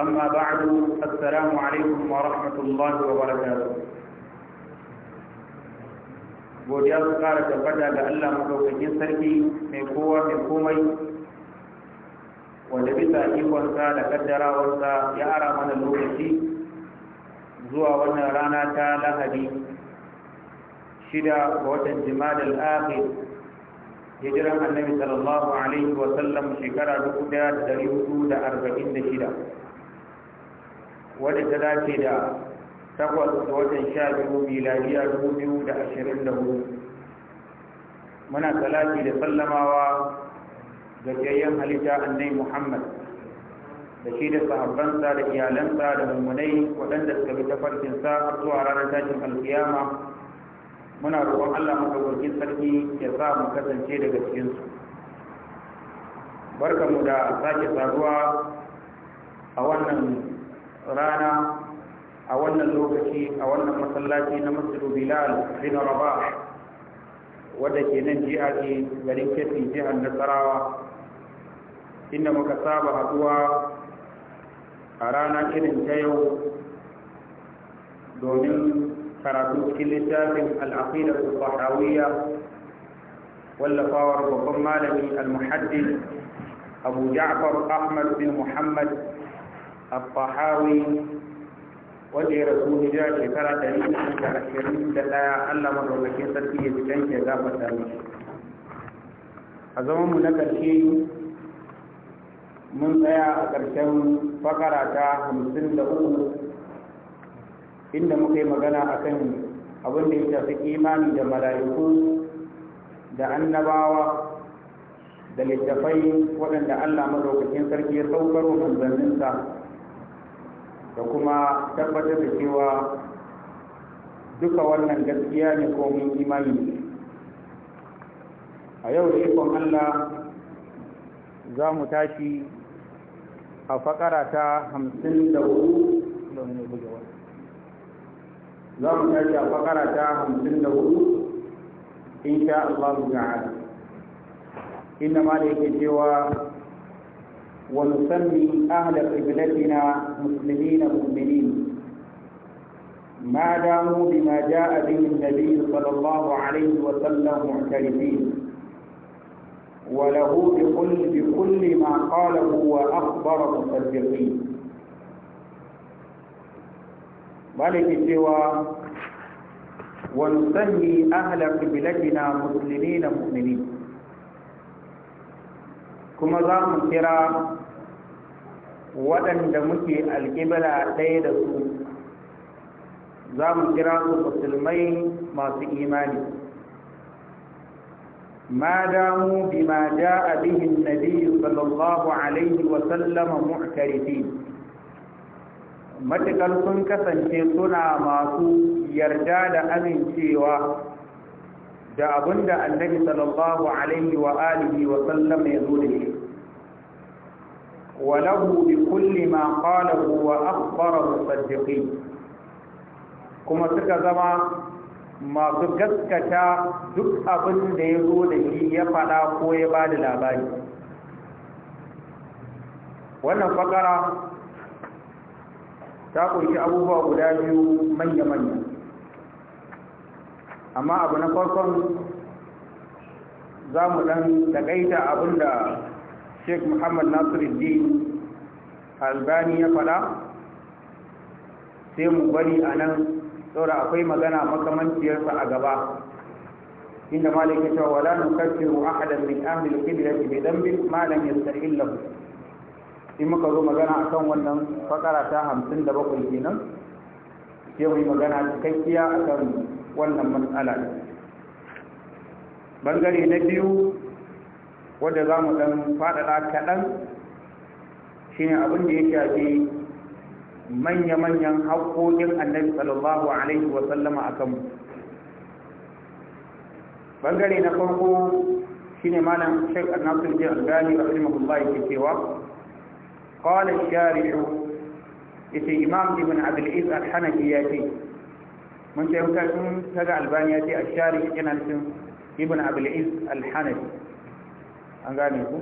أما بعد السلام عليكم ورحمة الله وبركاته godiya su kara tabbata ga Allah madaukakin sarki mai kowa mai komai wanda bisa ikonsa da kaddarawarsa ya ara mana lokaci zuwa wannan rana ta lahadi shida ga watan jima'a al-akhir hijiran annabi sallallahu alaihi wa sallam shekara 1446 wadda ta dace da takwas da watan sha biyu miladiya dubu biyu da ashirin da hudu muna salati da sallamawa ga jayyan halitta annai muhammad da shi da sahabbansa da iyalansa da mummunai waɗanda suka bi tafarkinsa har zuwa ranar tashin alkiyama muna roƙon allah madaukakin sarki ya sa mu kasance daga cikinsu barkanmu da sake saduwa a wannan رانا أولنا اللوكي أولنا المسلاتي نمسل بلال بن رباح ودك ننجي أكي ولنك جهة النصراء إنما كتاب هدوى أرانا إذن كيو دومين كراتو كلتاب الأخيرة الصحاوية واللفاور وقمالني المحدد أبو جعفر أحمد بن محمد الطحاوي wanda ya rasu hijira shekara ɗari da ashirin da ɗaya allah maɗaukakin sarki ya fitan ke gafarta mishi a zaman mu na ƙarshe mun tsaya a ƙarshen fakara ta hamsin da uku inda muka yi magana a kan abin da ya shafi imani da mala'iku da annabawa da littafai waɗanda allah maɗaukakin sarki ya saukar wa manzanninsa da kuma tabbatar da cewa duka wannan gaskiya ne ko mun imani ne a yau da ikon Allah za mu tashi a fakara ta hamsin da hudu za mu tashi a fakara ta hamsin da hudu insha Allah ta'ala inda ma da yake cewa ونسمي أهل قبلتنا مسلمين مؤمنين ما داموا بما جاء به النبي صلى الله عليه وسلم معترفين وله بكل, بكل ما قاله وأخبر مصدقين ملك سوى ونسمي أهل قبلتنا مسلمين مؤمنين kuma za mu kira waɗanda muke alƙibla ɗaya da su za mu kira su musulmai masu imani ma damu ja a bihin Nabiyu sallallahu alaihi wa sallama muhtarifin matukar sun kasance suna masu yarda da amincewa da abinda annabi sallallahu alaihi wa alihi wa sallam ya zo da shi وله بكل ما قاله وأخبره الصديقين كما تكذما ما تكسكتا دك أبن ديزو لكي يفعل قوي بعد labari. wannan fakara ta ƙunshi abubuwa guda biyu manya-manya amma abu na farkon za mu ɗan taƙaita abinda da sheik muhammad nasiruddin albani ya faɗa sai mu bari a nan saura akwai magana makamanciyarsa a gaba inda malik ya cewa wala nukaffiru ahadan min ahli al-qiblati bi dhanbin ma lam yastahil lahu in muka zo magana akan wannan fakara ta 57 kenan sai mu yi magana cikakkiya akan wannan matsala ne. bangare na biyu wadda za mu ɗan faɗaɗa kaɗan shi ne abin da ya shafi manya-manyan haƙoƙin annabi sallallahu alaihi wa sallama a kanmu bangare na farko shi ne malam shek annabtun jihar gani a ilmahullahi ke cewa ƙwalar shari'u ita imam ibn abdul'iz al-hanafi ya ce mun ce wuta sun kaga albani ya ce a shari yana nufin ibn abul'is alhanafi an gane ku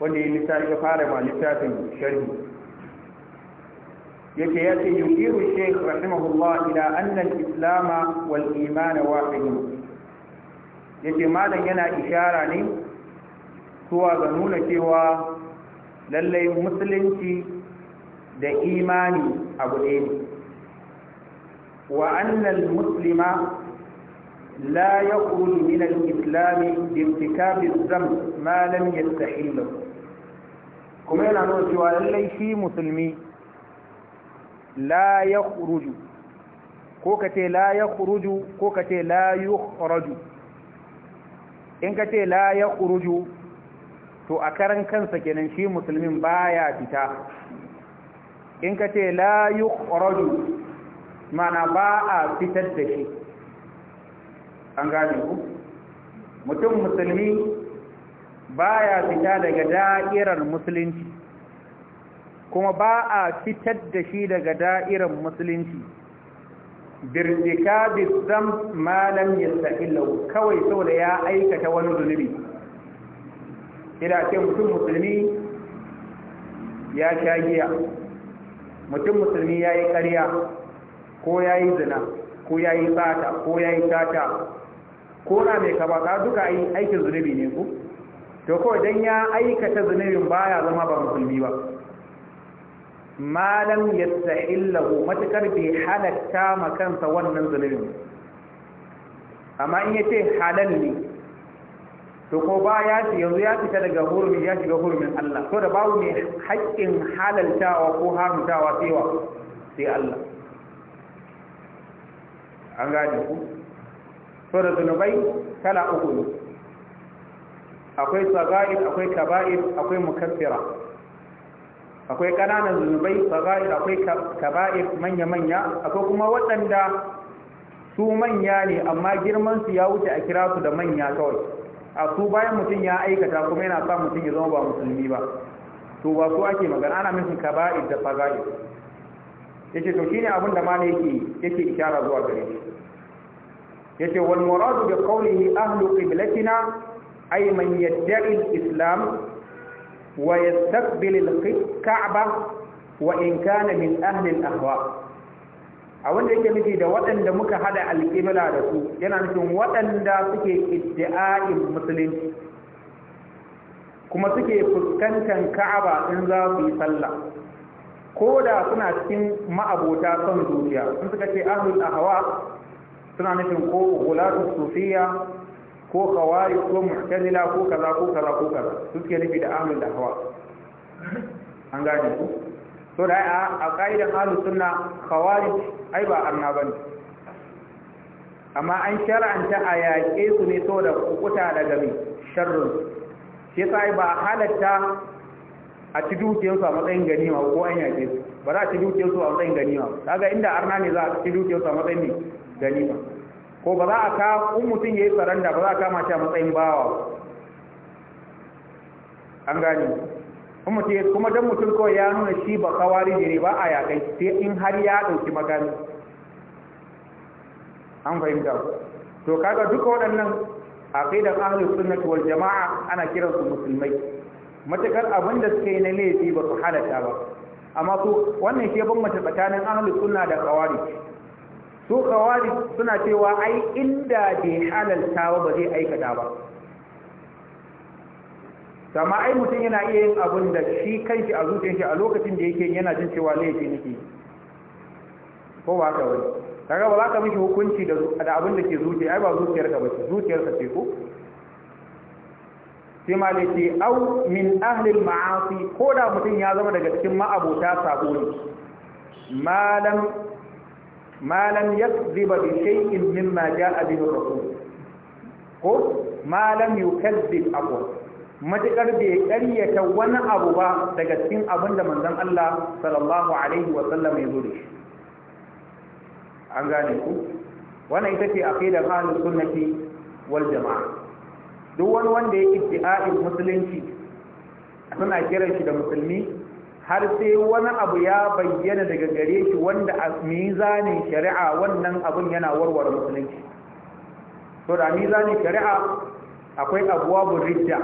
wanda ya littafi ya fara ma littafin sharhi yake ya ce yukiru sheikh rahimahullah ila anna al-islam wal iman wahidun yace malam yana ishara ne zuwa ga nuna cewa lallai musulunci da imani abu ɗaya ne وأن المسلم لا يخرج من الإسلام بارتكاب الذنب ما لم يستحله كما نقول الله شيء مسلمي لا يخرج كوكتي لا يخرج كوكتي لا يخرج إن كتي لا يخرج تو أكرن كان سكنن شيء مسلمين بايا تتا إن كتي لا يخرج mana ba a fitar da shi an gane ku mutum musulmi ba ya fita daga da'irar musulunci kuma ba a fitar da shi daga da'irar musulunci birtika bizam malam yastahillahu kawai saboda ya aikata wani zunubi ina ce mutum musulmi ya sha giya mutum musulmi ya yi ƙarya ko ya yi zina ko ya yi sata ko ya yi tata ko na mai kabata duka aikin zunubi ne ku to kawai don ya aikata zunubin baya zama ba musulmi ba malam ya sa'illahu matukar bai halatta makansa wannan zunubin amma in ya ce halal ne to ko ba ya ce yanzu ya fita daga hurumi ya shiga hurumin Allah to da babu ne haƙƙin halaltawa ko haramtawa sai Allah an gane ku so da zunubai kala uku ne akwai saga'ir akwai kaba'ir akwai mukassira akwai kananan zunubai saga'ir akwai kaba'ir manya-manya akwai kuma waɗanda su manya ne amma girman su ya wuce a kira su da manya kawai a su bayan mutum ya aikata kuma yana sa mutum ya zama ba musulmi ba to ba su ake magana ana nufin kaba'ir da faga'ir yake to shine abin da malai yake yake ishara zuwa gare shi yace wal muradu bi qawlihi ahlu qiblatina ay man yad'i al-islam wa yastaqbil al-ka'ba wa in kana min ahli al-ahwa a wanda yake nufi da waɗanda muka hada alƙibla da su yana nufin waɗanda suke iddi'a'in musulunci kuma suke fuskantar ka'aba in za su yi sallah ko da suna cikin ma'abota son duniya, in suka ce ahlul ahwa suna nufin ko gulatu sufiya ko kawari ko mu'tazila ko kaza ko kaza ko kaza suke nufi da amin da hawa. an gane ku so da a ka'idar halu sunna kawari ai ba arna ne. amma an shar'anta a yaƙe su ne da kukuta daga gami sharrun shi yasa ba halatta a ci dukiyarsu a matsayin ganima ko an yaƙe su ba za a ci dukiyarsu a matsayin ganima kaga inda arna ne za a ci dukiyarsu a matsayin ne. ganima ko ba za a ka in mutum ya yi saranda ba za a kama shi a matsayin bawa an gani kuma don mutum kawai ya nuna shi ba kawari ne ba a yaƙai, sai in har ya ɗauki magani an fahimta to kaga duka waɗannan a da ahlus suna wal jamaa ana kiran su musulmai matakar abin da yi na laifi ba su halatta ba amma su wannan ke mace tsakanin ahlus sunna da kawari su kawari suna cewa ai inda bai halalta ba zai aikata ba sama ai mutum yana iya yin abun da shi kanshi a zuciyar shi a lokacin da yake yana jin cewa laifi nake ko ba ka wani daga ba za ka mishi hukunci da abin da ke zuciya ai ba zuciyar ka ba ce zuciyar ka ce ko sai ma da au min ahlil ma'asi ko da mutum ya zama daga cikin ma'abota sabo ne malam ma lam yakdhiba bi shay'in mimma jaa bihi rasul ko ma lam yukadzib abu matakar ya karyata wani abu ba daga cikin abin da manzon Allah sallallahu alaihi wa sallam ya zo an gane ku wannan ita ce aqidar ahlus sunnati wal jamaa duk wani wanda ya iddi'a'in musulunci suna kiran shi da musulmi har sai wani abu ya bayyana daga gare shi wanda a mizanin shari'a wannan abun yana warware musulunci to da mizanin shari'a akwai abuwabun rijja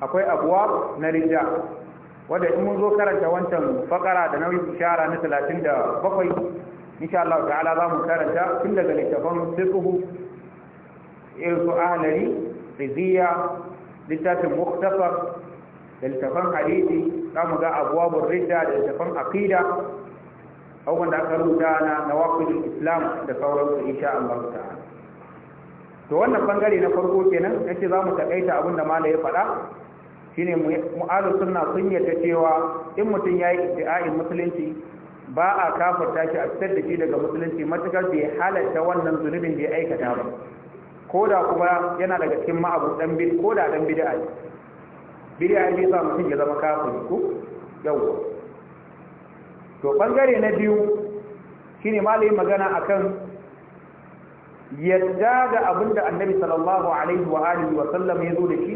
akwai abuwa na ridda wanda in mun zo karanta wancan fakara da nauyin ishara na 37 insha Allah ta'ala za mu karanta tun daga littafin fiqhu irin su ahlari riziya littafin muktasar da littafin hadisi za mu ga abubuwan ridda da littafan aqida abubuwan da aka rubuta na nawaqidul islam da sauransu insha Allah ta'ala to wannan bangare na farko kenan yace za mu takaita abin da malai ya faɗa shine mu'alu sunna sun yarda cewa in mutum ya yayi iddi'a'in musulunci ba a kafarta shi a fitar da shi daga musulunci matukar bai halatta wannan zunubin da ya aikata ba ko da kuma yana daga cikin ma'abu dan bid ko dan bid'a ne bid'a ne sa mutum ya zama kafiri ko ba? to bangare na biyu ne malayin magana akan yadda da abinda annabi sallallahu alaihi wa alihi wa sallam ya zo da shi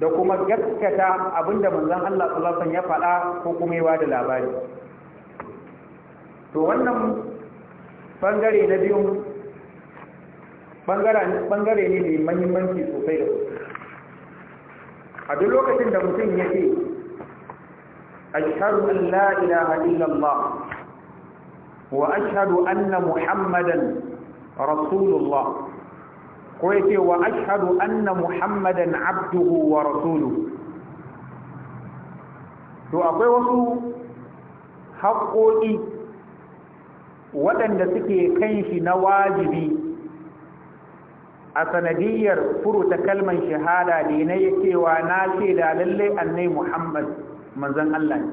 da kuma gaskata abinda manzan Allah sallallahu alaihi ya faɗa ko kuma yawa da labari to wannan bangare na biyu bangare ne mai mahimmanci sosai da sosai a duk lokacin da mutum ya ce ashhadu an la ilaha illallah wa ashhadu anna muhammadan rasulullah ko yace wa ashhadu anna muhammadan abduhu wa rasuluhu to akwai wasu haƙoƙi waɗanda suke kan shi na wajibi a sanadiyar furuta kalman shahada ne na ya cewa na ce da lallai annai muhammad manzan Allah ne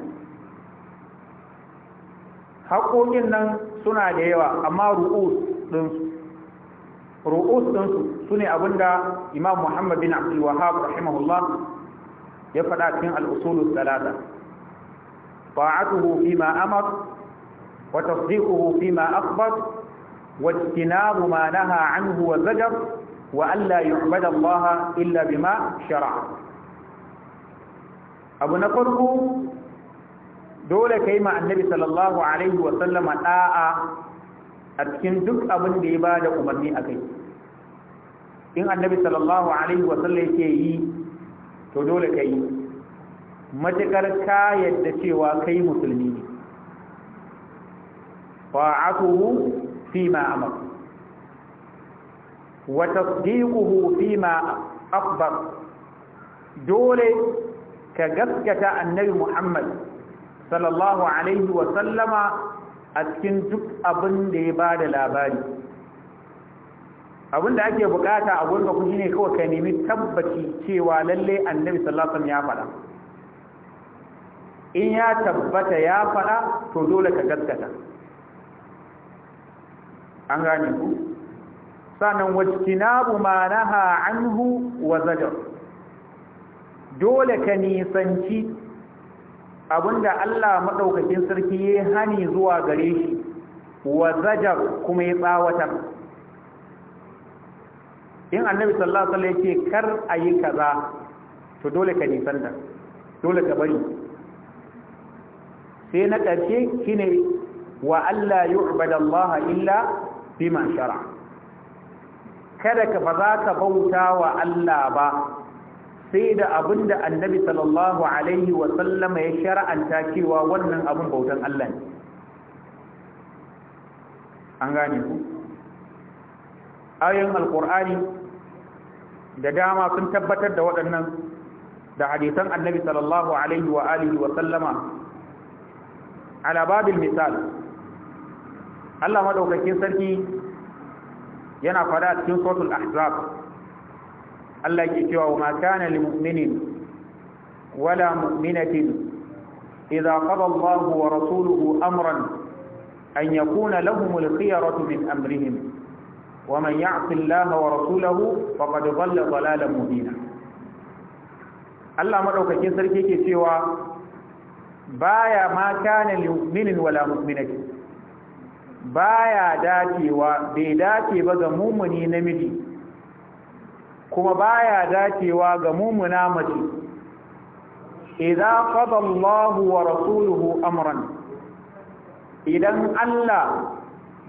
haƙoƙin nan suna da yawa amma ru'us ɗinsu ru'us ɗinsu su ne abinda imam muhammad bin abdul wahab rahimahullah ya faɗa cikin al'usulun talata ta'atuhu fi ma amar wa tasdiquhu fi ma akhbar wa ma naha anhu wa zajar wa Allah yu'bada Allah illa bima shar'a abu na farko dole kai ma annabi sallallahu alaihi wa sallama da'a a cikin duk abin da ya bada umarni akai in annabi sallallahu alaihi wa sallam yake yi to dole kai matakar ka yadda cewa kai musulmi ne fa'atuhu fi ma amara wa tasdiquhu fima akhbar dole ka gaskata annabi Muhammad sallallahu alaihi wa sallama a cikin duk abin ya ba da labari abin ake bukata a gurin ku shine kawai ka nemi tabbaci cewa lalle annabi ya faɗa in ya tabbata ya faɗa to dole ka gaskata an gane ku sannan wajtinabu ma naha anhu wa zajar dole ka nisanci abinda Allah madaukakin sarki ya hani zuwa gare shi wa zajar kuma ya tsawatar in annabi sallallahu alaihi wasallam yake kar ayi kaza to dole ka nisanta dole ka bari sai na ƙarshe shine wa alla yu'badu illa bima shara'a kada ka ba za ka bauta wa Allah ba sai da abin da annabi sallallahu alaihi wasallama ya shara'anta cewa wannan abin bautan Allah ne an gane ku ayoyin alkur'ani da dama sun tabbatar da waɗannan da hadisan annabi sallallahu alaihi wa alihi wasallama ala babil misal Allah maɗaukakin sarki yana fada cikin suratul ahzab Allah ke cewa wa ma kana lil mu'minin wala mu'minatin idza qada Allahu wa rasuluhu amran an yakuna lahum al-khiyaratu min amrihim wa man ya'ti Allah wa rasulahu faqad dhalla dhalalan mubina Allah madaukakin sarki ke cewa baya ma kana lil mu'minin wala mu'minatin baya dacewa bai dace ba ga mumuni namiji kuma baya dacewa ga mumuna mace idza qada Allah wa rasuluhu amran idan Allah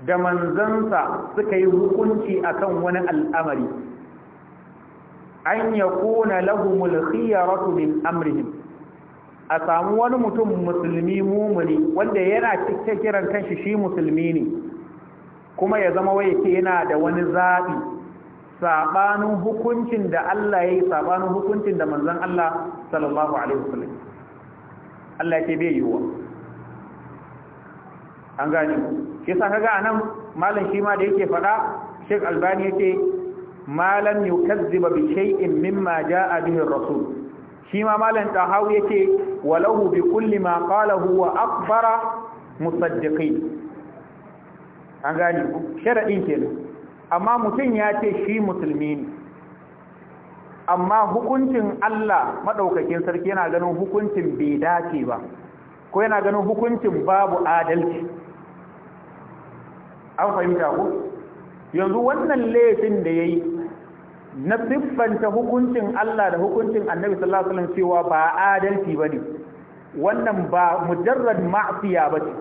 da manzansa suka yi hukunci akan wani al'amari an yakuna lahumul khiyaratu min amrihim a samu wani mutum musulmi mumuni wanda yana cike kiran kanshi shi musulmi ne kuma ya zama waye ke yana da wani zaɓi saɓanin hukuncin da Allah ya yi saɓanin hukuncin da manzan Allah sallallahu alaihi wasallam Allah ke bai yiwuwa an gani shi sa kaga anan malam shi ma da yake faɗa Sheikh Albani yake malam yukazziba bi shay'in mimma jaa bihi ar-rasul shi ma malam tahawu yake walahu bi kulli ma qala wa akbara musaddiqi an gani sharadin kenan amma mutum ya ce shi musulmi ne amma hukuncin Allah madaukakin sarki yana ganin hukuncin bai dace ba ko yana ganin hukuncin babu adalci an fahimta ku yanzu wannan laifin da yayi na siffanta hukuncin Allah da hukuncin annabi sallallahu alaihi wasallam cewa ba adalci bane wannan ba mujarrad ma'siya bace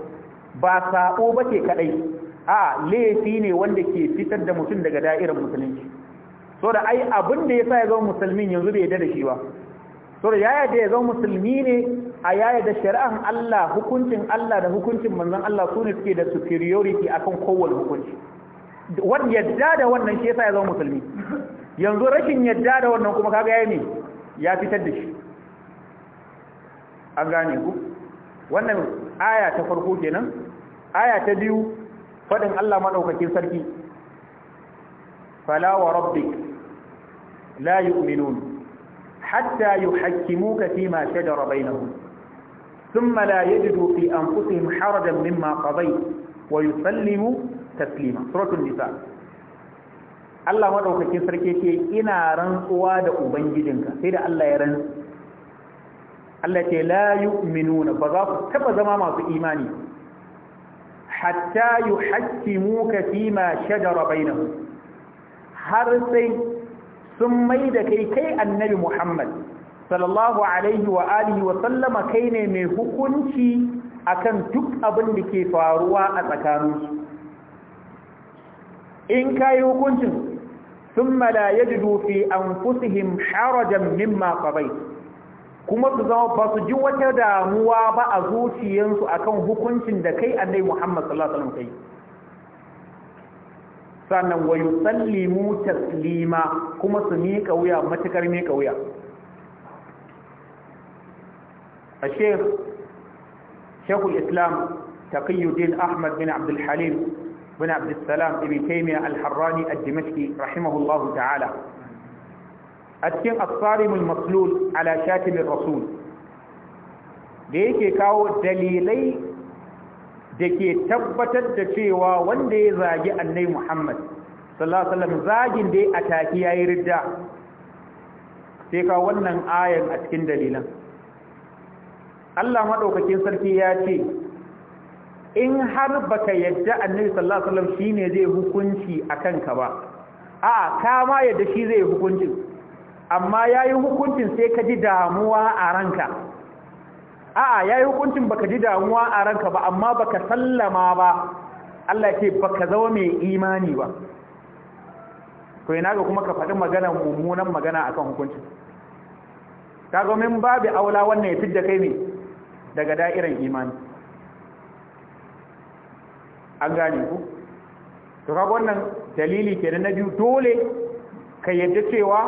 ba sako bace kadai a laifi ne wanda ke fitar da mutum daga da'irar musulunci so da ai abin da yasa ya zama musulmin yanzu bai yarda da shi ba so da yaya da ya zama musulmi ne a yaya da shari'an Allah hukuncin Allah da hukuncin manzon Allah sune suke da superiority akan kowace hukunci wanda yadda da wannan shi yasa ya zama musulmi yanzu rashin yadda da wannan kuma kaga yayi ne ya fitar da shi an gane ku wannan aya ta farko kenan aya ta biyu fadin Allah madaukakin sarki fala wa rabbik la yu'minun hatta yuhakkimuka fima shajara bainahum thumma la yajidu fi anfusihim harajan mimma qadayt wa yusallimu taslima suratul Allah madaukakin sarki ce ina rantsuwa da ubangijinka sai da Allah ya rantsu Allah ce la yu'minuna ba za ku taba zama masu imani hatta yuhaqqimuka fima shajara bainahum har sai sun mai da kai kai annabi Muhammad sallallahu alaihi wa alihi wa sallama kai ne mai hukunci akan duk abin da ke faruwa a tsakaninsu in kayi hukuncin thumma la yajidu fi anfusihim harajan mimma qadayt kuma su zama ba su ji wata damuwa ba a zuciyarsu akan hukuncin da kai annabi Muhammad sallallahu alaihi wasallam sannan wa yusallimu taslima kuma su miƙa wuya matukar miƙa wuya a shekul islam taqiyuddin ahmad bin AbdulHalim. halim bin abdulsalam ibn taimiyya al-harrani al-dimashki rahimahullahu ta'ala a cikin asarimul maslul ala shatimin rasul da yake kawo dalilai da ke tabbatar da cewa wanda ya zagi annai muhammad sallallahu zagin da ya ataki ya yi ridda sai wannan ayan a cikin dalilan allah maɗaukakin sarki ya ce in har baka yadda annabi sallallahu alaihi wasallam shine zai hukunci akan ka ba a'a ka ma yadda shi zai hukunci amma yayi hukuncin sai ka ji damuwa a ranka a'a yayi hukuncin baka ji damuwa a ranka ba amma baka sallama ba Allah ce baka zama mai imani ba ko ina ga kuma ka faɗi magana mummunan magana akan hukuncin kaga min babu aula wannan ya fidda kai ne daga da'irar imani an gane ku to kaga wannan dalili kenan na biyu dole ka yadda cewa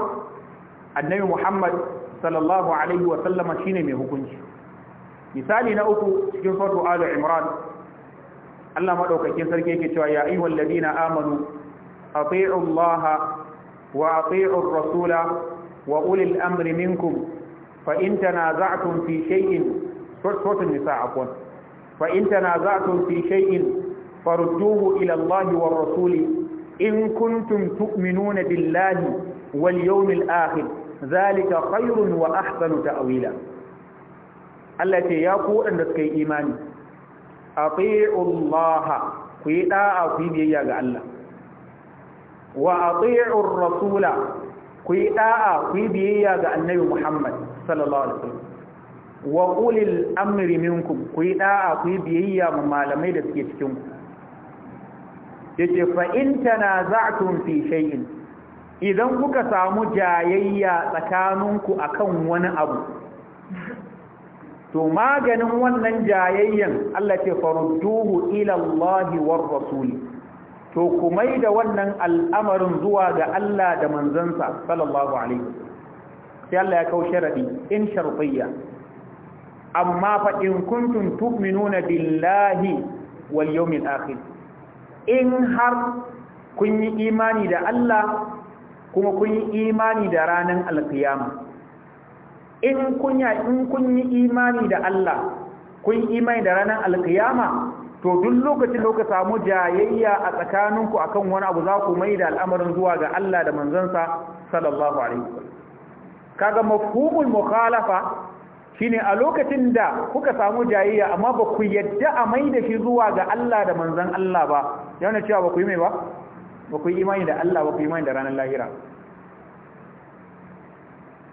annabi Muhammad sallallahu alaihi wa sallama shine mai hukunci misali na uku cikin suratu Ali Imran Allah madaukakin sarki yake cewa ya ayyuhal ladina amanu atii'u Allah wa atii'u ar-rasula wa ulil amri minkum fa in tanaza'tum fi shay'in suratu nisa afwan fa in tanaza'tum fi shay'in فردوه إلى الله والرسول إن كنتم تؤمنون بالله واليوم الآخر ذلك خير وأحسن تأويلا التي يقول أن تسكي إيماني أطيعوا الله كيدا أطيب يجا الله وأطيعوا الرسول كيدا أطيب يجا النبي محمد صلى الله عليه وسلم وقول الأمر منكم كيدا أطيب يجا ممالمي لسكي تكيونكم yace fa in tanaza'tum fi shay'in idan kuka samu jayayya tsakaninku akan wani abu to maganin wannan jayayyan Allah ce farudduhu ila Allah war rasuli to kumai da wannan al'amarin zuwa ga Allah da manzansa sallallahu alaihi sai Allah ya kau sharadi in shartiyya amma fa in kuntum tu'minuna billahi wal yawmil akhir in har kun yi imani da Allah kuma kun yi imani da ranar alkiyama in kun yi imani da Allah kun yi imani da ranar alkiyama to duk lokacin da kuka samu jayayya a tsakaninku akan wani abu za ku mai da al'amarin zuwa ga Allah da manzansa sallallahu alaihi kaga mafhumul mukhalafa shine a lokacin da kuka samu jayayya amma ba ku yadda a mai da shi zuwa ga Allah da manzan Allah ba ya wani cewa ba ku yi mai ba ba ku yi imani da Allah ba ku yi imani da ranar lahira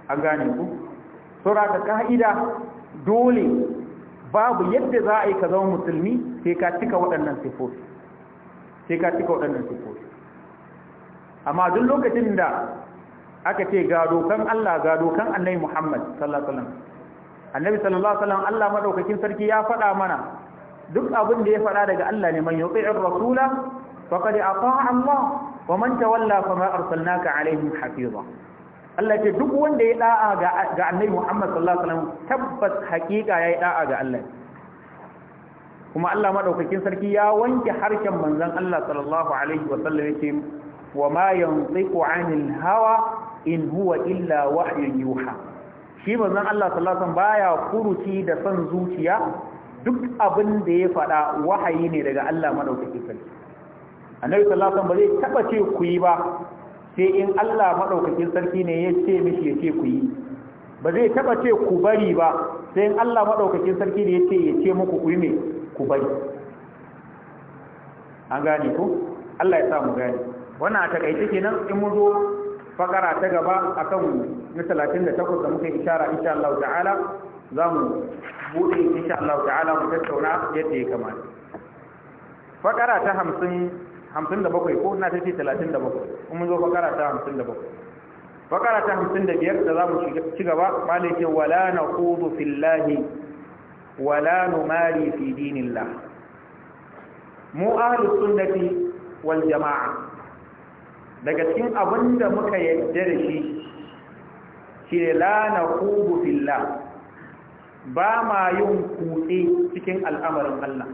an gane ku sura ta ka'ida dole babu yadda za a yi ka zama musulmi sai ka cika waɗannan sifofi sai ka cika waɗannan sifofi amma duk lokacin da aka ce ga dokan Allah ga dokan annai Muhammad sallallahu alaihi wasallam Annabi sallallahu alaihi wasallam Allah madaukakin sarki ya faɗa mana duk abin da ya faɗa daga Allah ne man yuti'ir rasula faqad ata'a Allah wa man tawalla fama arsalnaka alaihim hafiza Allah ce duk wanda ya da'a ga Annabi Muhammad sallallahu alaihi wasallam tabbas hakika yayi da'a ga Allah kuma Allah madaukakin sarki ya wanke harshen manzon Allah sallallahu alaihi wasallam yake wa ma yantiqu 'anil hawa in huwa illa wahyun yuha shi manzon Allah sallallahu alaihi wasallam baya furuci da san zuciya duk abin da ya faɗa wahayi ne daga Allah madaukakin sarki annabi sallallahu alaihi wasallam ba zai taba ce ku yi ba sai in Allah madaukakin sarki ne ya ce mishi ya ce ku yi ba zai taba ce ku bari ba sai in Allah madaukakin sarki ne ya ce ya ce muku ku yi ne ku bari an gane ku Allah ya sa mu gane wannan a takaice kenan in mu zo fakara ta gaba akan na 38 da muka ishara insha Allah ta'ala za mu buɗe insha Allah ta'ala mu tattauna yadda ya kamata fakara ta hamsin hamsin da bakwai ko na ta ce talatin da bakwai kuma zo fakara ta hamsin da bakwai fakara ta hamsin da biyar da za mu ci gaba ba ce wala na kudu fillahi wala numari fi dinillah mu ahlus sunnati wal jama'a daga cikin abin da muka yadda da shi shi la na kudu fillah ba ma yin kuɗe cikin al'amarin Allah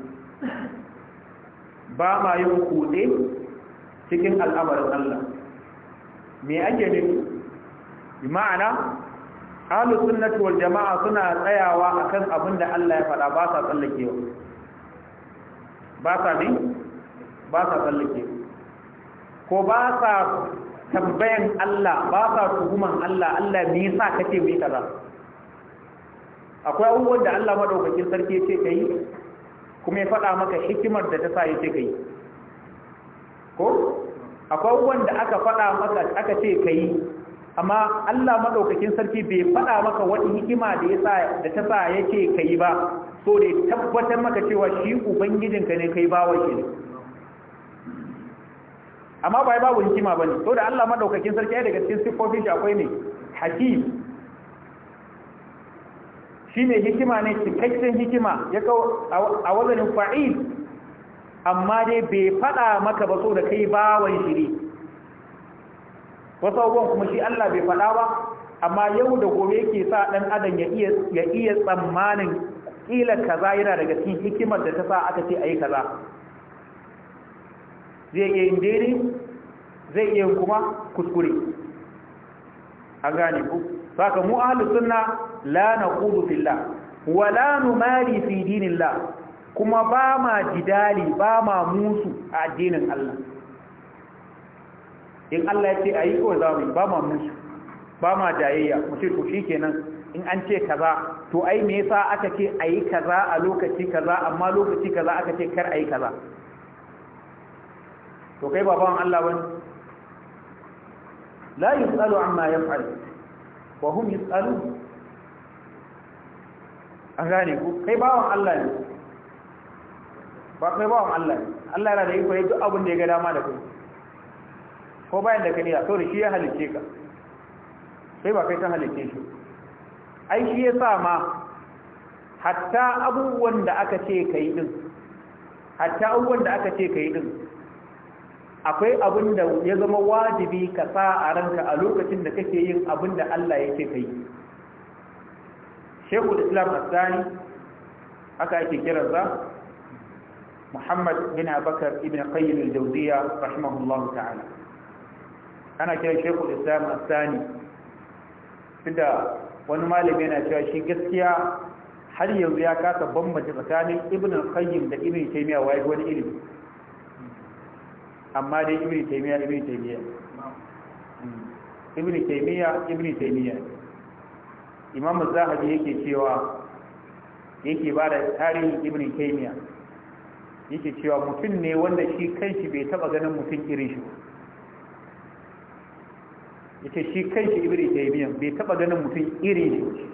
ba ma yin kuɗe cikin al'amarin Allah me ake nufi ma'ana ahlus sunnati wal jama'a suna tsayawa akan abin da Allah ya faɗa ba sa tsallakewa ba sa ne ba sa tsallakewa ko ba sa tambayan Allah ba sa tuhuman Allah Allah me yasa kace mai kaza akwai abubuwan da Allah madaukakin sarki ya ce ka yi kuma ya faɗa maka hikimar da ta sa ya ce ka yi ko akwai abubuwan da aka faɗa maka aka ce ka yi amma Allah madaukakin sarki bai faɗa maka wani hikima da ya sa da ta sa ya ce ka yi ba so dai tabbatar maka cewa shi ubangijin ka ne kai bawa shi amma bai babu hikima bane so da Allah madaukakin sarki ya daga cikin sifofin shi akwai ne hakim shi mai hikima ne cikakken hikima ya kawo a wazanin fa'il amma dai bai faɗa maka ba so da kai bawan shiri wasu abubuwan kuma shi Allah bai faɗa ba amma yau da gobe ke sa ɗan adam ya iya tsammanin ƙila kaza yana daga cikin hikimar da ta sa aka ce a yi kaza zai iya yin daidai zai iya kuma kuskure a gane ku saka mu ahlus sunna la naqulu fillah wa la numari fi dinillah kuma ba ma jidali ba ma musu a addinin Allah in Allah ya ce ayi ko zamu ba ma musu ba ma jayayya mutum shikenan in an ce kaza to ai me yasa aka ce ayi kaza a lokaci kaza amma lokaci kaza aka ce kar ayi kaza to kai baban Allah wani la yusalu amma yaf'al wa hum yasalun an gane ku kai bawan Allah ne ba kai bawan Allah ne Allah yana da iko ne duk abin da ya ga dama da kai ko bayan da ka nira saboda shi ya halice ka sai ba kai ta halice shi ai shi ya sa ma hatta abubuwan da aka ce kai din hatta abubuwan da aka ce kai din akwai abin da ya zama wajibi ka sa a ranka a lokacin da kake yin abin da Allah yake kai shekul islam asani aka ake kiransa muhammad bin abakar ibn qayyim al-jawziya ta'ala ana kiran shekul islam asani tunda wani malami yana cewa shi gaskiya har yanzu ya kasa bambanta tsakanin ibn qayyim da ibn taymiya wai wani ilimi amma dai ibini taimiya ibini taimiya hmm. ibini taimiya ibini taimiya imamu zahabi yake cewa yake ba da tarihin ibini taimiya yake cewa mutum ne wanda shi kanshi bai taba ganin mutum irin shi yake shi kanshi ibini taimiya bai taba ganin mutum irin shi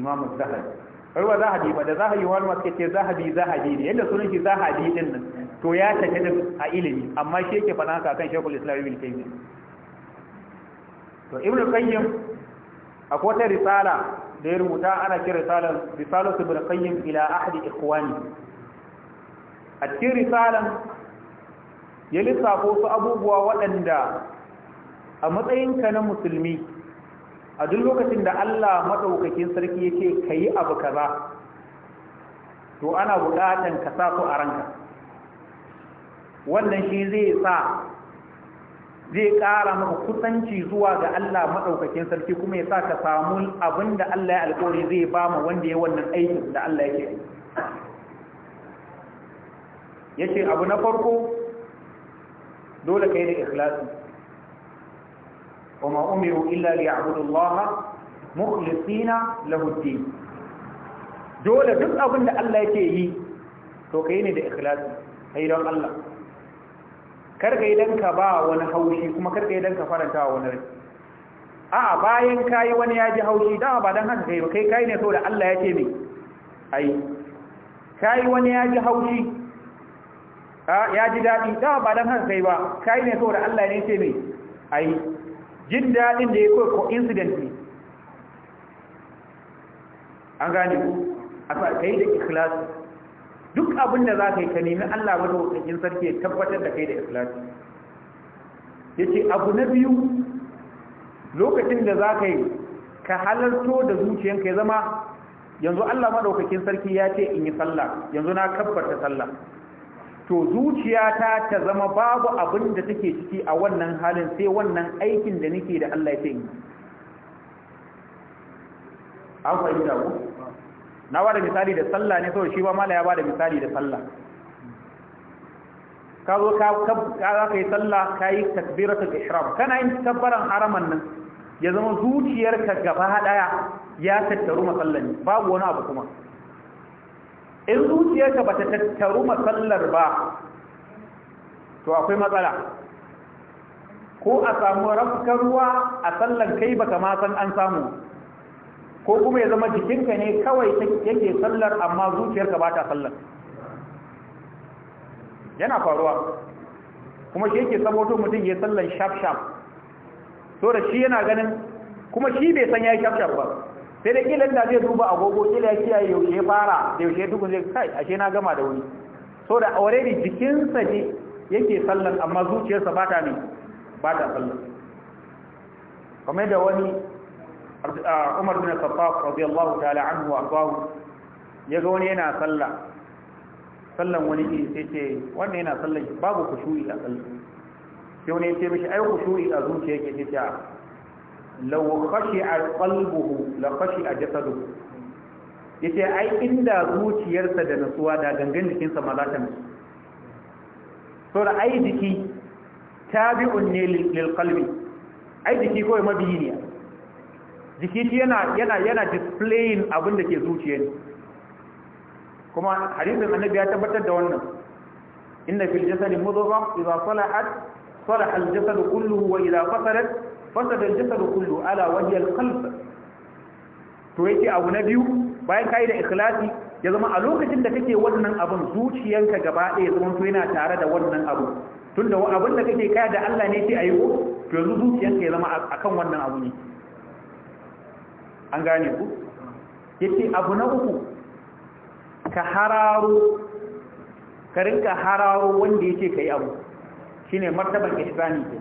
imamu zahabi ruwa zahabi ba da zahabi wani masu ce zahabi zahabi ne yadda sunan shi zahabi din nan to ya tafi din a ilimi amma shi yake fana haka kan shekul islam ibn taymiyyah to ibn qayyim akwai wata risala da ya rubuta ana kira risalar su ibn qayyim ila ahadi ikhwani a cikin risalan ya lissafo su abubuwa waɗanda a matsayinka na musulmi a duk lokacin da Allah maɗaukakin sarki ya ce ka yi abu kaza to ana buƙatan ka sa su a ranka wannan shi zai sa zai ƙara maka kusanci zuwa ga Allah maɗaukakin sarki kuma ya sa ka samu abinda da Allah ya alƙori zai ba ma wanda ya wannan aikin da Allah yake ya ce abu na farko dole ka yi da ikhlasi وما أمروا إلا ليعبدوا الله مخلصين له الدين دولة duk abin da Allah yake yi to kai ne da ikhlasi kai don Allah Kar karka dan ka ba wani haushi kuma kar karka dan ka faranta wa wani rai a'a bayan kai wani ya ji haushi da ba dan haka kai ba kai kai ne da Allah yake ne ai kai wani ya ji haushi ya ji dadi da ba dan haka kai ba kai ne da Allah ne yake ne ai jin daɗin da ya kawai incident ne an gane a ka da ikilasi duk abin da za ka yi ka nemi allah madaukakin sarki ya tabbatar da kai da ikilasi ya ce abu na biyu lokacin da za ka yi ka halarto da zuciyanka ya zama yanzu allah maɗaukakin sarki ya ce in yi sallah yanzu na kabbata sallah to zuciyata ta zama babu abin da take ciki a wannan halin sai wannan aikin da nake da Allah ya yi an fahimta ku na da misali da sallah ne saboda shi ba mala ya bada misali da sallah ka zo ka za ka yi sallah ka yi takbiratul ihram kana yin kabbaran haraman nan ya zama zuciyarka gaba daya ya tattaru masallani babu wani abu kuma in zuciyarka ba ta tattaru matsalar ba to akwai matsala ko a samu rafkar ruwa a sallan kai baka ma san an samu ko kuma ya zama jikinka ne kawai yake sallar amma zuciyarka ba ta sallar yana faruwa kuma shi yake saboto mutum ya sallan shaf-shaf so da shi yana ganin kuma shi bai san ya yi shaf-shaf ba sai da kila da zai duba agogo kila ya kiyaye yaushe fara da yaushe dukun zai kai ashe na gama da wuri so da already jikinsa ne yake sallar amma zuciyarsa ba ta ne ba ta sallar kamar yadda wani ah, Umar bin Khattab radiyallahu ta'ala anhu wa ya ga wani yana sallah sallan wani ne sai ce wannan yana sallar babu kushuri a sallar sai wani ya ce mishi ai kushuri a zuciya yake ce lau kashi a ƙalbuhu lau kashi a jasadu ya ce ai inda zuciyarsa da nasuwa da gangan jikinsa ma za ta nasu so da ai jiki ta tabi'un ne lil qalbi ai jiki kawai mabiyi ne jiki yana yana yana displaying abin da ke zuciya ne kuma hadisin annabi ya tabbatar da wannan inna fil jasadi mudghah idha salahat salaha al jasad kulluhu wa idha fasadat fasa da jisar da kullu ala wajiyar kalsa to yake abu na biyu bayan kayi da ikhlasi ya zama a lokacin da kake wannan abin zuciyanka gaba ɗaya zama to yana tare da wannan abu tun da abin da kake kaya da Allah ne ce a yi ko to yanzu zuciyanka ya zama a kan wannan abu ne an gane ku ce abu na uku ka hararo ka rinka hararo wanda yake yi abu shine martaban ihsani ke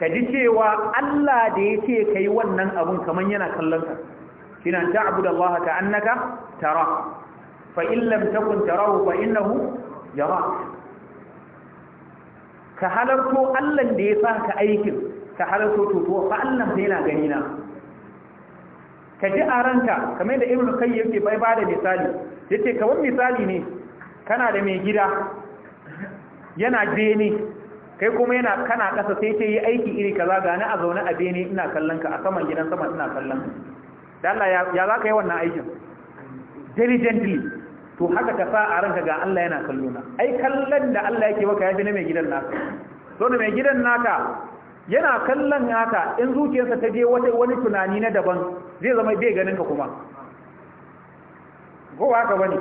ka ji cewa Allah da ya ce ka yi wannan abun kamar yana kallon ka abu da Allah ka annaka tara fa in lam takun tarahu fa innahu yara ka halarto Allah da ya sa ka aikin ka halarto to to fa Allah yana gani na ka ji a ranka kamar da irin kai yake bai ba da misali ya ce kamar misali ne kana da mai gida yana ne. kai kuma yana kana ƙasa sai ce yi aiki iri kaza ga na a zaune a bene ina kallon ka a saman gidan sama ina kallon da Allah ya za ka yi wannan aikin diligently to haka ka sa a ranka ga Allah yana kallo na ai kallon da Allah yake baka ya fi na mai gidan naka da mai gidan naka yana kallon naka in zuciyarsa ta je wani tunani na daban zai zama bai ganin ka kuma ko haka bane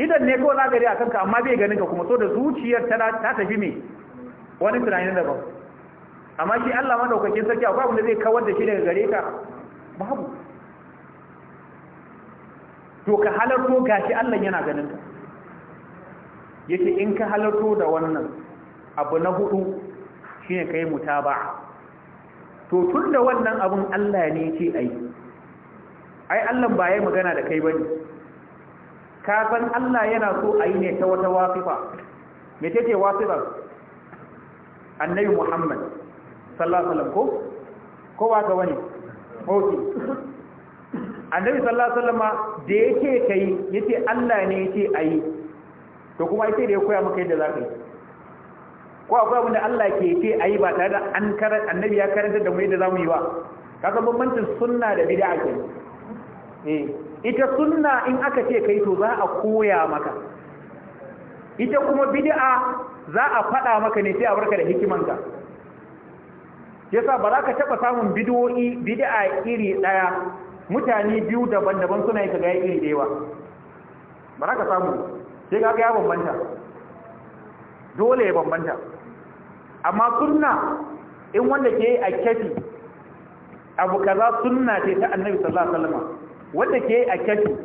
idan ne ko nagari akan ka amma bai ganin ka kuma so da zuciyar ta ta tafi me wani tunanin daban amma shi Allah madaukakin sarki akwai abin da zai kawar da shi daga gare ka babu to ka halarto gashi Allah yana ganin ka yace in ka halarto da wannan abu na hudu shine kai mutaba to tun da wannan abun Allah ne ce ai ai Allah ba yayi magana da kai bane ka san Allah yana so ai ne ta wata wafifa me take wafifa annabi muhammad sallallahu alaihi ko ko ba ka wani hoti annabi sallallahu alaihi da yake kai yace Allah ne yace ayi to kuma yace da ya koya maka yadda zaka yi ko akwai abin da Allah ke yace ayi ba tare da an karanta annabi ya karanta da mu yadda zamu yi ba kaga bambancin sunna da bid'a ke eh ita sunna in aka ce kai to za a koya maka ita kuma bid'a za a faɗa maka ne sai a barka da hikimanka yasa ba za ka taɓa samun bidiyoyi bidi'a iri ɗaya mutane biyu daban-daban suna yi kaga iri ɗaya ba ba za ka samu sai ga ya bambanta dole ya bambanta amma sunna in wanda ke a kyafi abu kaza sunna ce ta annabi sallallahu alaihi wasallam wanda ke a kyafi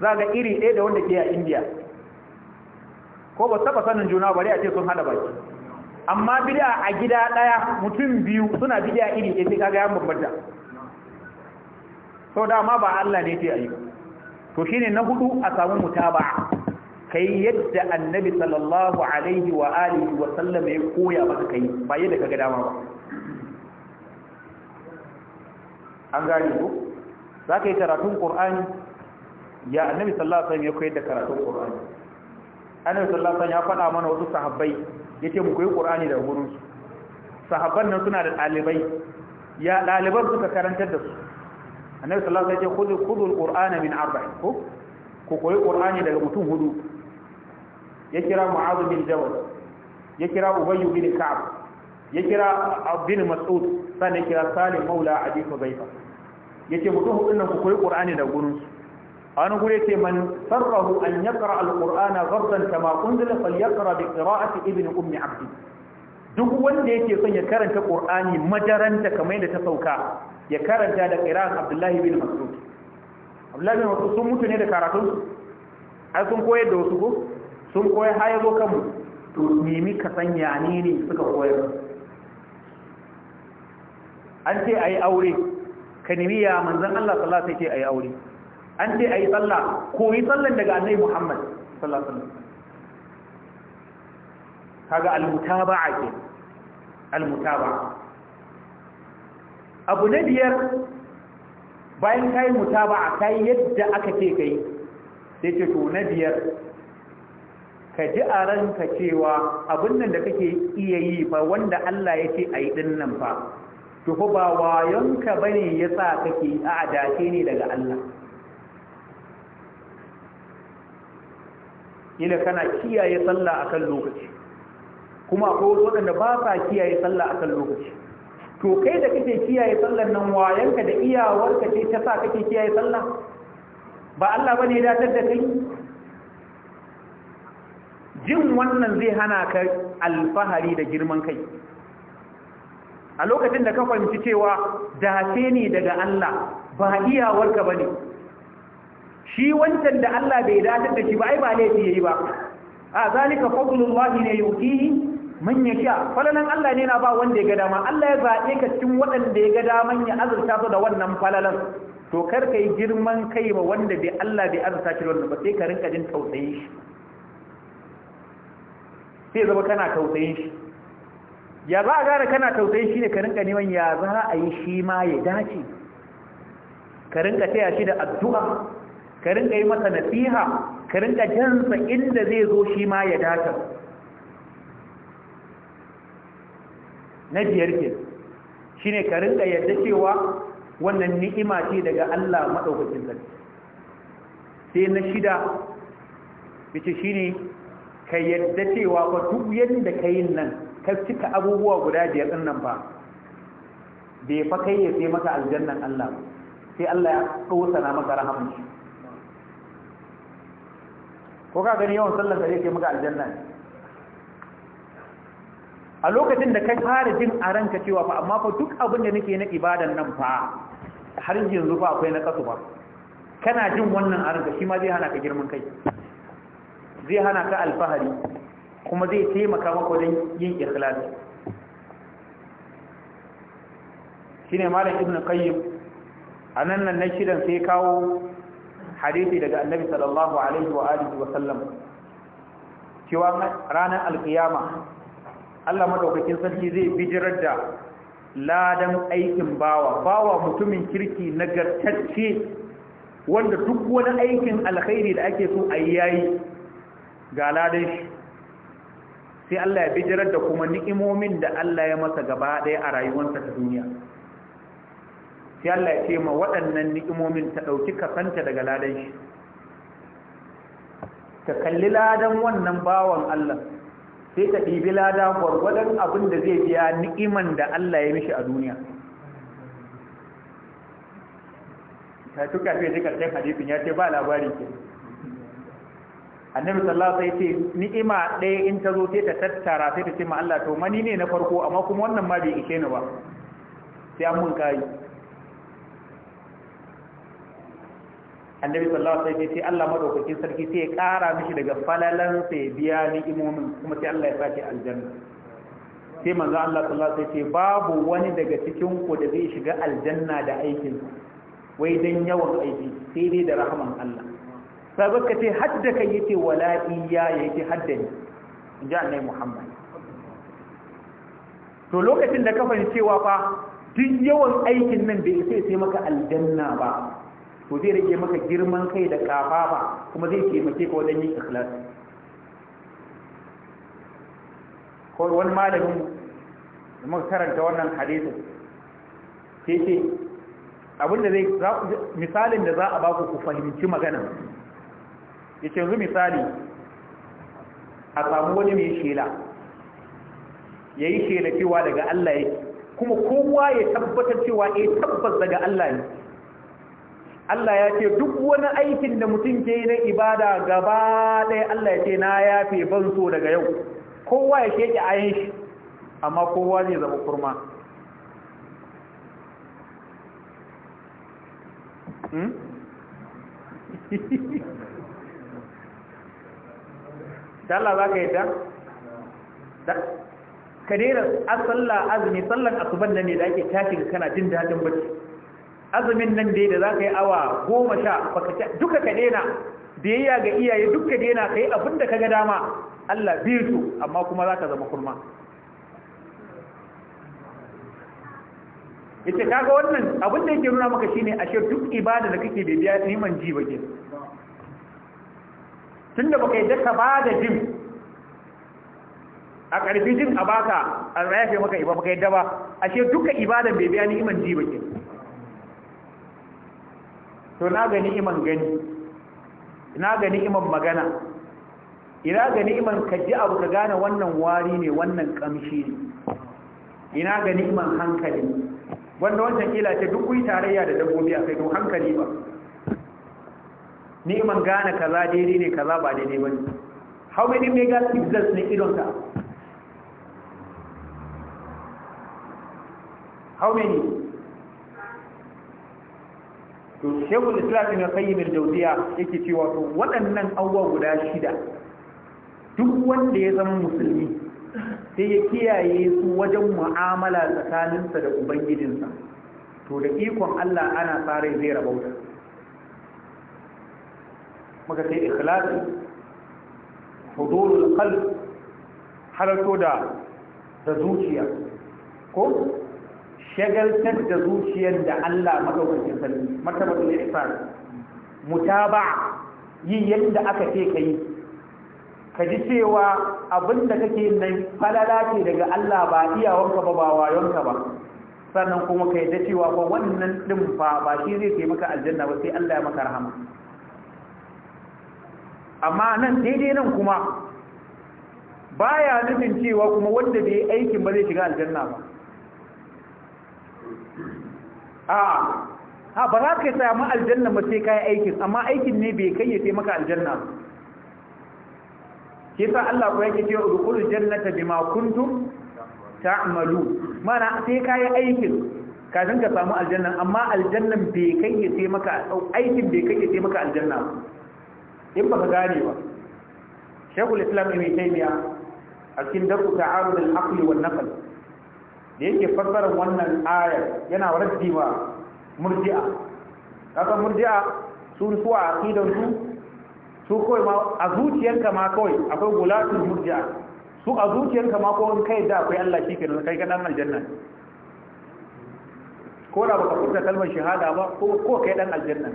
za ga iri ɗaya da wanda ke a indiya ko ba taba sanin juna bari a ce sun hada baki amma bid'a a gida daya mutum biyu suna bid'a iri ɗaya sai kaga ya bambanta so ma ba Allah ne ke yi to shine na hudu a samu mutaba'a kai yadda annabi sallallahu alaihi wa alihi wa sallam ya koya maka kai ba yadda kaga dama ba an gane ko zaka yi karatun qur'ani ya annabi sallallahu alaihi wa sallam ya koyar da karatun qur'ani annabi sallallahu alaihi wasallam ya faɗa mana wasu sahabbai yace mu koyi qur'ani daga gurin su sahabban nan suna da dalibai ya daliban suka karantar da su annabi sallallahu alaihi wasallam ya ce khudhu alqur'ana min arba'in ko ku koyi qur'ani daga mutum hudu ya kira mu'adh bin jabal ya kira ubayy bin ka'ab ya kira abdin mas'ud sannan ya kira salim maula abi hudayfa yace mutum hudun nan ku koyi qur'ani daga gurin su an gure ce man sarrahu an yaqra alqur'ana ghardan kama unzila falyaqra bi qira'ati ibn ummi abd duk wanda yake son ya karanta ƙur'ani madaranta kamar yadda ta sauka ya karanta da qira'an abdullahi bin mas'ud abdullahi bin mas'ud sun mutu ne da karatun ai sun koyar da wasu ko sun koyar har yazo kanmu to nemi ka sanya ne ne suka koyar an ce a yi aure ka nemi ya manzon Allah sallallahu alaihi ce a yi aure an ce a yi tsalla koyi tsallan daga annai muhammad sallallahu kaga almutaba a ke almutaba abu na biyar bayan yi mutaba a kayi yadda aka ke kai da ke to na biyar ka ji a ranka cewa abin nan da kake iya yi fa wanda Allah ya ce a yi ɗin nan fa to ba wayonka bane ya sa kake a adace ne daga Allah ila kana kiyaye sallah akan lokaci kuma akwai waɗanda ba sa kiyaye sallah akan lokaci to kai da kake kiyaye sallar nan wayanka da iyawarka ce ta sa kake kiyaye sallah ba Allah bane ya datar da kai jin wannan zai hana ka alfahari da girman kai a lokacin da ka fahimci cewa dace ne daga Allah ba iyawarka bane shi wancan da Allah bai datar da shi ba ai ba laifi yayi ba a zalika fadlullahi ne yutihi man yasha falalan Allah ne na ba wanda ya ga dama Allah ya zabe ka cikin waɗanda ya ga daman ya azurta su da wannan falalan to kar kai girman kai ba wanda bai Allah bai azurta shi wannan ba sai ka rinka jin tausayin shi sai zaba kana tausayin shi ya za a gane kana tausayin shi ne ka rinka neman ya za a yi shi ma ya dace ka rinka taya shi da addu'a ka rinka yi masa nasiha ka rinka jansa inda zai zo shi ma ya dace na biyar ke shine ka rinka yadda cewa wannan ni'ima ce daga Allah madaukakin sarki sai na shida yace shine ka yadda cewa ba duk yadda kayin nan ka cika abubuwa guda biyar din nan ba bai fa kai ya sai maka aljannan Allah sai Allah ya tsosana maka rahamun shi ko ka gani yawan sallar ka zai kai maka aljanna ne a lokacin da kai fara jin a ranka cewa fa amma fa duk abin da nake na ibadan nan fa har yanzu fa akwai na kasu ba kana jin wannan a ranka shi ma zai hana ka girman kai zai hana ka alfahari kuma zai taimaka maka wajen yin ikhlasi shine malam ibnu qayyim anan nan na shidan sai kawo hadisi daga annabi sallallahu alaihi wa alihi wa sallam cewa ranar alkiyama Allah madaukakin sarki zai bijirar da ladan aikin bawa bawa mutumin kirki nagartacce wanda duk wani aikin alkhairi da ake so a yayi ga ladan shi sai Allah ya bijirar da kuma ni'imomin da Allah ya masa gaba ɗaya a rayuwarsa ta duniya sai Allah ya ce ma waɗannan ni'imomin ta ɗauki kasanta daga ladan shi ta kalli ladan wannan bawan Allah sai ta ɗibi lada gwargwadon abin da zai biya ni'iman da Allah ya mishi a duniya ta tuka fiye jikar ɗan hadisun ya ce ba labari ke annabi sallallahu sai ce ni'ima ɗaya in ta zo sai ta tattara sai ta ce ma Allah to mani ne na farko amma kuma wannan ma bai ishe ni ba sai an mun kai annabi sallallahu alaihi wasallam sai Allah madaukakin sarki sai ya kara mishi daga falalan sai biya ni imomin kuma sai Allah ya saki aljanna sai manzo Allah sallallahu alaihi wasallam babu wani daga cikin ku da zai shiga aljanna da aikin wai dan yawan aiki sai dai da rahman Allah sai baka ce hadda kai yace wala iya yake ni inji annabi Muhammad to lokacin da ka fahimci cewa fa duk yawan aikin nan bai sai sai maka aljanna ba to zai rage maka girman kai da kafafa kuma zai taimake ka wajen yin ikhlasi ko wani malamin da muka karanta wannan hadisi sai ce abinda zai misalin da za a baku ku fahimci magana yace yanzu misali a samu wani mai shela yayi shela cewa daga Allah yake kuma kowa ya tabbatar cewa eh tabbas daga Allah ne Allah ya ce duk wani aikin da mutum ke yi na ibada gaba ɗaya Allah ya ce na yafe ban so daga yau kowa ya sheke ayin shi amma kowa zai zama kurma hmm? da Allah za ka yi ta? ka daina a azumi tsallan asuban da ne da ake tashin kana jin daɗin bacci azumin nan dai da za ka yi awa goma sha duka ka dena biyayya ga iyaye duka dena ka yi abin da ka ga dama Allah biyu su amma kuma za ka zama kurma yace kaga wannan abin da yake nuna maka shine ashe duk ibada da kake da biya neman ji bake tunda baka yadda ka bada jin a karfi jin a baka a rayafe maka iba baka yadda ba ashe duka ibadan bai biya neman ji bake to na ga ni'iman gani na ga ni'iman magana ina ga ni'iman kaji abu ka gane wannan wari ne wannan kamshi ne ina ga ni'iman hankali wanda wancan kila ce duk kuyi tarayya da dabbobi a kai to hankali ba ni'iman gane kaza daidai ne kaza ba daidai ba ne how many mega pixels ne idonka how many to shekul islam ibn qayyim al-jawziya yake cewa to waɗannan awwa guda shida duk wanda ya zama musulmi sai ya kiyaye su wajen mu'amala tsakaninsa da ubangijinsa to da ikon Allah ana fara zai rabauta Maka sai ikhlasi hudurul qalb halarto da zuciya ko shagaltar da zuciyar da Allah madaukakin sarki da ihsan mutaba yi yadda aka ce kai ka ji cewa abinda kake nan falala ce daga Allah ba ka ba ba wayonka ba sannan kuma ka yadda cewa ba wannan din fa ba shi zai taimaka aljanna ba sai Allah ya maka rahama amma nan daidai nan kuma baya nufin cewa kuma wanda bai aikin ba zai shiga aljanna ba a ha ba za ka yi sami aljanna ba sai kai aikin amma aikin ne bai kai ya sai maka aljanna ke sa Allah ku yake cewa udkhulul jannata bima ta ta'malu mana sai kai aikin kafin ka samu aljanna amma aljannan bai kai ya sai maka aikin bai kai ya sai maka aljanna in ba ka gane ba shekul Islam Ibn Taymiyyah a cikin darsu ta'arud al-aql wal naql da yake fassara wannan ayar yana raddi wa murji'a kaga murji'a su su a aqidan su su kawai ma a zuciyarka ma kawai akwai gulatul murji'a su a zuciyarka ma in kai da akwai Allah shi kenan kai ka dan aljanna ko da baka furta kalmar shahada ba ko ko kai dan aljanna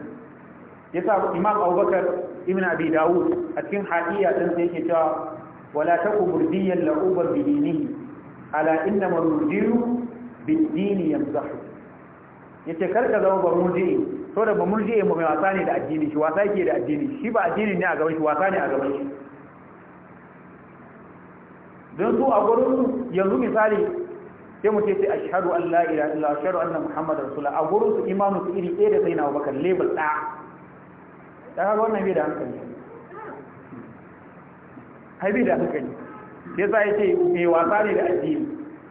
yasa imam abubakar ibn abi dawud a cikin hadiya din sai yake cewa wala taku murdiyan la'uban bidinihi ala inna marudiyu biddini yamzahu yace karka zama ba murji'i to da ba murji'i mai wasa ne da addini shi wasa yake da addini shi ba addini ne a gaban shi wasa ne a gaban shi don su a gurin yanzu misali sai mu ce sai ashhadu an la ilaha illa ashhadu anna muhammadar rasulullah a gurin su imanu su iri ɗaya da sai na bakar label ɗaya ta kaga wannan bai da hankali haibi da hankali sai za ya ce mai wasa ne da addini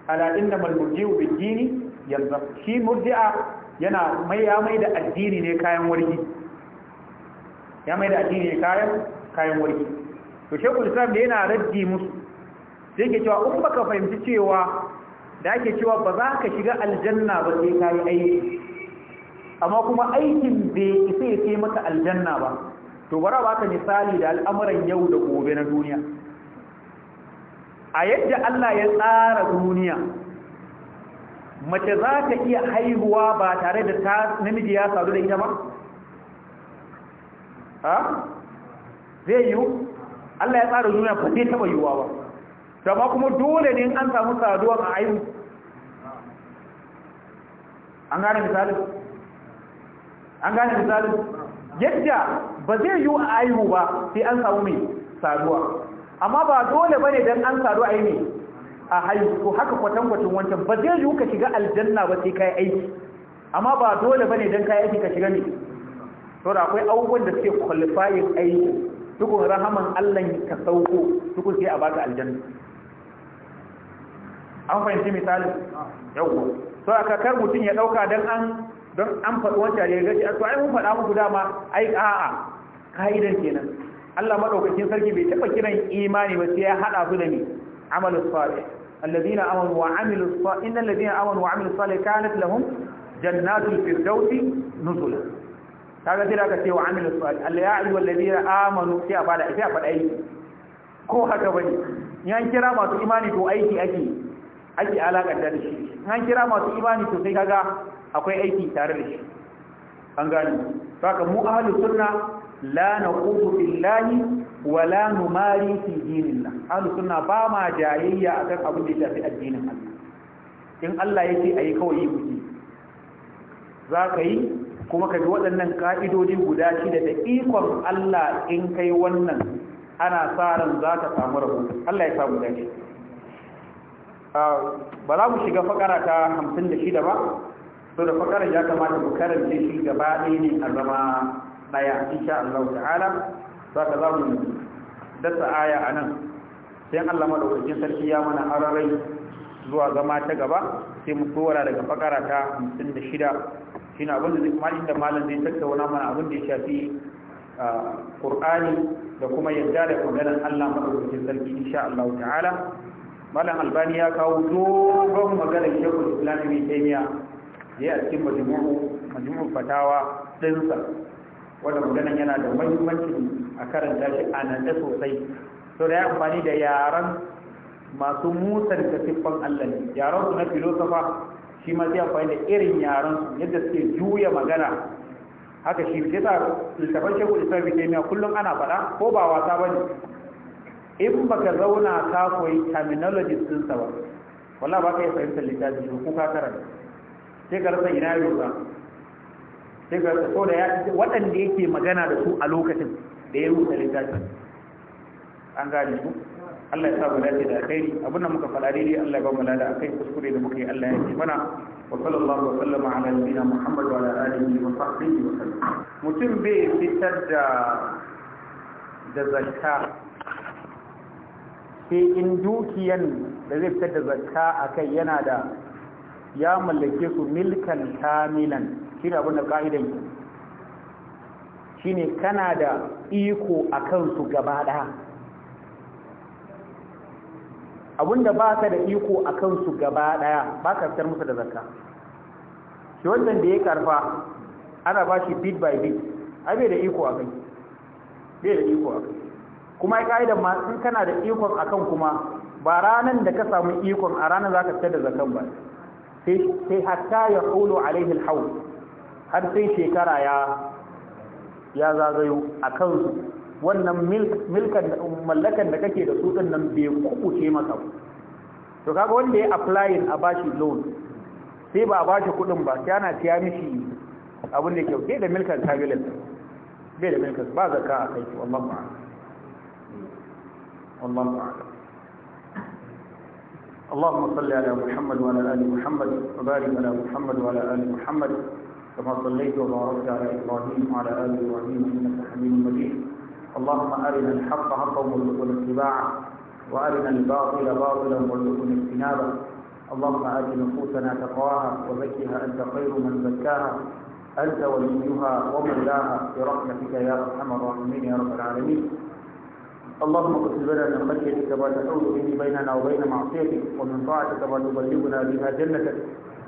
ala inna mal murji'u bid dini yanzu shi murji'a yana mai ya mai da addini ne kayan wargi ya mai da addini ne kayan kayan wargi to shekul islam da yana raddi musu sai ke cewa in ka fahimci cewa da ake cewa ba za ka shiga aljanna ba sai ka yi aiki amma kuma aikin bai isa ya kai maka aljanna ba to bara ba ka misali da al'amuran yau da gobe na duniya a yadda Allah ya tsara duniya mace za ta iya haihuwa ba tare da ta namiji ya sadu da ita ba ha zai yi Allah ya tsara duniya ba zai taba yiwuwa ba Dama kuma dole ne an samu saduwa a haihu? an gane misalin an gane misali? yadda ba zai yiwu a haihu ba sai an samu mai saduwa amma ba dole bane dan an sadu a yi a haihu ko haka kwatankwacin wancan ba zai yi ka shiga aljanna ba sai kayi aiki amma ba dole bane dan kayi aiki ka shiga ne to da akwai abubuwan da suke qualifying aiki tukun rahaman Allah ka sauko tukun sai a baka aljanna an fahimci misalin yawwa to aka kar mutun ya dauka dan an don an faɗi wancan ya gaci a to ai mun faɗa muku dama ai a'a ka'idan kenan Allah madaukakin sarki bai taba kiran imani ba sai ya hada su da ni amalus salih alladhina amanu wa amilus salih innal ladina amanu wa amilus salih kanat lahum jannatul firdausi nuzula kaga sai ka ce wa amilus salih alla ya ayyuhal ladina amanu sai a fada sai a fada aiki ko haka bane yan kira masu imani to aiki ake ake alakanta da shi yan kira masu imani to sai kaga akwai aiki tare da shi an gani saka mu ahlus sunna la naqutu billahi wa la numari fi dinillah ahlus sunna ba ma jayayya akan abin da ya shafi addinin Allah in Allah yake ayi kawai yi kuɗi. za ka yi kuma ka bi waɗannan ƙa'idodi guda shida da ikon Allah in kai wannan ana sa ran za ka samu rabu Allah ya samu dace ah, ba za mu shiga fakara ta 56 ba to da fakarar ya kamata mu karance shi gaba ɗaya ne a zama daya insha Allah ta'ala saka zamu mu dasa aya anan sai Allah madaukakin sarki ya mana ararai zuwa zama ta gaba sai mu tsora daga fakara ta 56 shine abin da kuma inda malam zai tattauna mana abin da ya shafi Qur'ani da kuma yadda da maganar Allah madaukakin sarki insha Allah ta'ala malam albani ya kawo dogon maganar shekul islam ibn taymiya ya a cikin majmu'u majmu'u fatawa dinsa wanda maganan yana da muhimmanci a karanta shi a nan da sosai to da ya amfani da yaran masu mutar da siffan Allah ne yaran su na filosofa shi ma zai amfani da irin yaran su yadda suke juya magana haka shi ke sa littafin isa islam bitemiya kullum ana faɗa ko ba wasa ba ne in baka zauna ka koyi terminology din sa ba wallahi ba ka yi fahimtar littafin shi ko ka karanta sai ka rasa ina yau ba. sai ga so da ya waɗanda yake magana da su a lokacin da ya rubuta littafin an gani su Allah ya sa dace da kai abin da muka faɗa daidai Allah ya ba mu lada akai kuskure da muka yi Allah ya ce mana wa sallallahu wa sallama ala nabiyina Muhammad wa ala alihi wa sahbihi wa sallam mutum bai fitar da da zakka sai in dukiyan da zai fitar da zakka akai yana da ya mallake su milkan kamilan shi ne abinda ƙa'idan yi shi ne kana da iko a kansu gaba ɗaya abinda ba ka da iko a kansu gaba ɗaya ba ka fitar musu da zakka shi wannan da ya karfa ana ba shi bit by bit ai bai da iko a kai bai da iko a kai kuma ƙa'idan ma sun kana da ikon akan kuma ba ranan da ka samu ikon a ranar za ka fitar da zakan ba sai hatta ya hulu alaihi alhawl har sai shekara ya ya zagayo a kansu wannan mallakan da kake da su ɗin nan bai kubuce maka to kaga wanda ya applying a bashi loan sai ba a bashi kuɗin ba sai ana siya mishi abin da kyau sai da milkan kabilin bai da milkan ba zaka a kai shi Allah ma'a Allah ma'a اللهم صل على محمد وعلى ال محمد وبارك على محمد وعلى ال محمد كما صليت وباركت على إبراهيم وعلى آل إبراهيم إنك حميد مجيد اللهم أرنا الحق حقا وارزقنا اتباعه وأرنا الباطل باطلا وارزقنا اجتنابه اللهم آت نفوسنا تقواها وزكها أنت خير من زكاها أنت وليها ومولاها برحمتك يا أرحم الراحمين يا رب العالمين اللهم اغفر لنا من خشيتك ما تحول به بيننا وبين معصيتك ومن طاعتك ما تبلغنا بها جنتك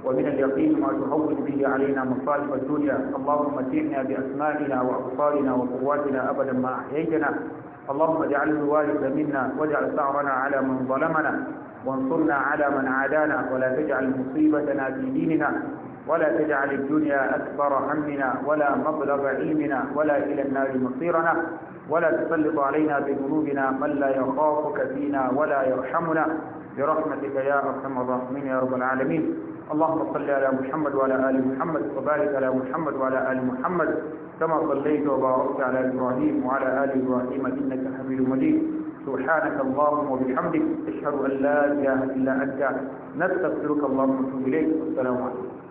ومن اليقين ما تهون به علينا مصالح الدنيا اللهم اتقنا بأسمائنا وأبصارنا وقواتنا أبدا ما أحييتنا اللهم اجعله الوارث منا واجعل ثأرنا على من ظلمنا وانصرنا على من عادانا ولا تجعل مصيبتنا في ديننا ولا تجعل الدنيا أكبر همنا ولا مبلغ علمنا ولا إلى النار مصيرنا ولا تسلط علينا بذنوبنا من لا يخافك فينا ولا يرحمنا برحمتك يا أرحم الراحمين يا رب العالمين اللهم صل على محمد وعلى آل محمد وبارك على محمد وعلى آل محمد كما صليت وباركت على إبراهيم وعلى آل إبراهيم إنك حميد مجيد سبحانك اللهم وبحمدك أشهد أن لا إله إلا أنت نستغفرك اللهم ونتوب إليك والسلام عليكم